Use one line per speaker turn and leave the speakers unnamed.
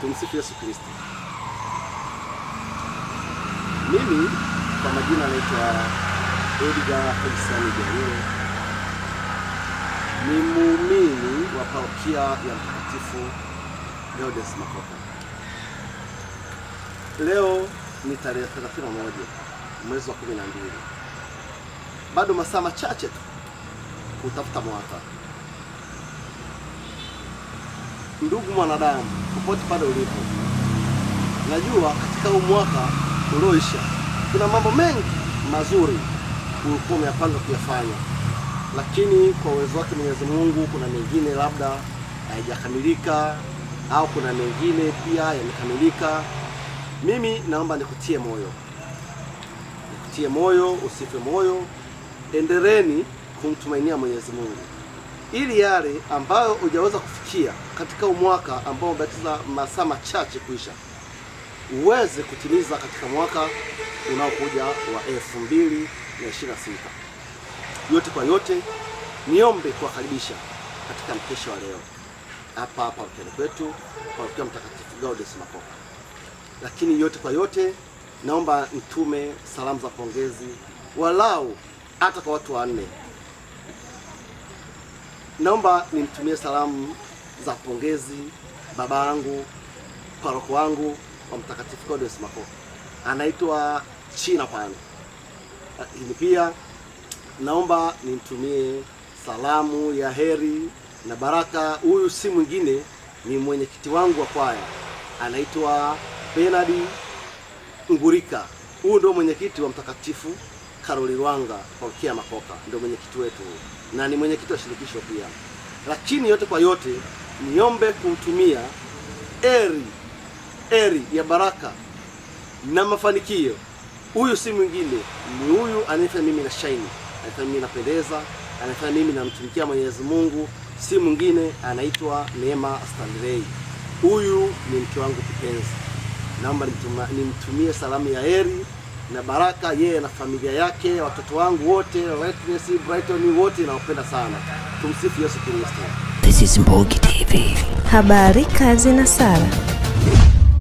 Tumsifu Yesu Kristo. Mimi kwa majina naitwa Edgar Felician Jarire, ni muumini wa parokia ya Mtakatifu Leodes Makoka. Leo ni tarehe 31 mwezi wa 12, bado masaa machache tu kutafuta mwaka Ndugu mwanadamu, popote pale ulipo, najua katika huu mwaka ulioisha kuna mambo mengi mazuri ulikuwa umeyapanga kuyafanya, lakini kwa uwezo wake Mwenyezi Mungu kuna mengine labda hayajakamilika au kuna mengine pia yamekamilika. Mimi naomba nikutie moyo, nikutie moyo, usife moyo, endeleni kumtumainia Mwenyezi Mungu ili yale ambayo hujaweza kufikia katika umwaka ambao umebatiza masaa machache kuisha uweze kutimiza katika mwaka unaokuja wa 2026. Yote kwa yote, niombe kuwakaribisha katika mkesha wa leo hapa hapa utani kwetu kwa Mtakatifu Gaudes Makoka. Lakini yote kwa yote, naomba nitume salamu za pongezi walau hata kwa watu wanne Naomba nimtumie salamu za pongezi baba yangu paroko wangu wa Mtakatifu Kodes Mako, anaitwa China Pan. Lakini pia naomba nimtumie salamu ya heri na baraka. Huyu si mwingine ni mwenyekiti wangu wa kwaya, anaitwa Bernard Ngurika. Huyu ndio mwenyekiti wa Mtakatifu Karoli Lwanga Malkia Makoka ndio mwenyekiti wetu na ni mwenyekiti wa shirikisho pia. Lakini yote kwa yote, niombe kutumia eri eri ya baraka na mafanikio. Huyu si mwingine, ni huyu anayefanya mimi na shine, anayefanya mimi napendeza, anayefanya mimi namtumikia Mwenyezi Mungu, si mwingine, anaitwa Neema Stanley. Huyu ni mke wangu kipenzi, naomba nimtumie salamu ya eri na Baraka yeye na familia yake, watoto wangu wote, Lightness Brighton wote nawapenda sana. Tumsifu Yesu Kristo. This is Mbogi TV, habari, kazi na sala.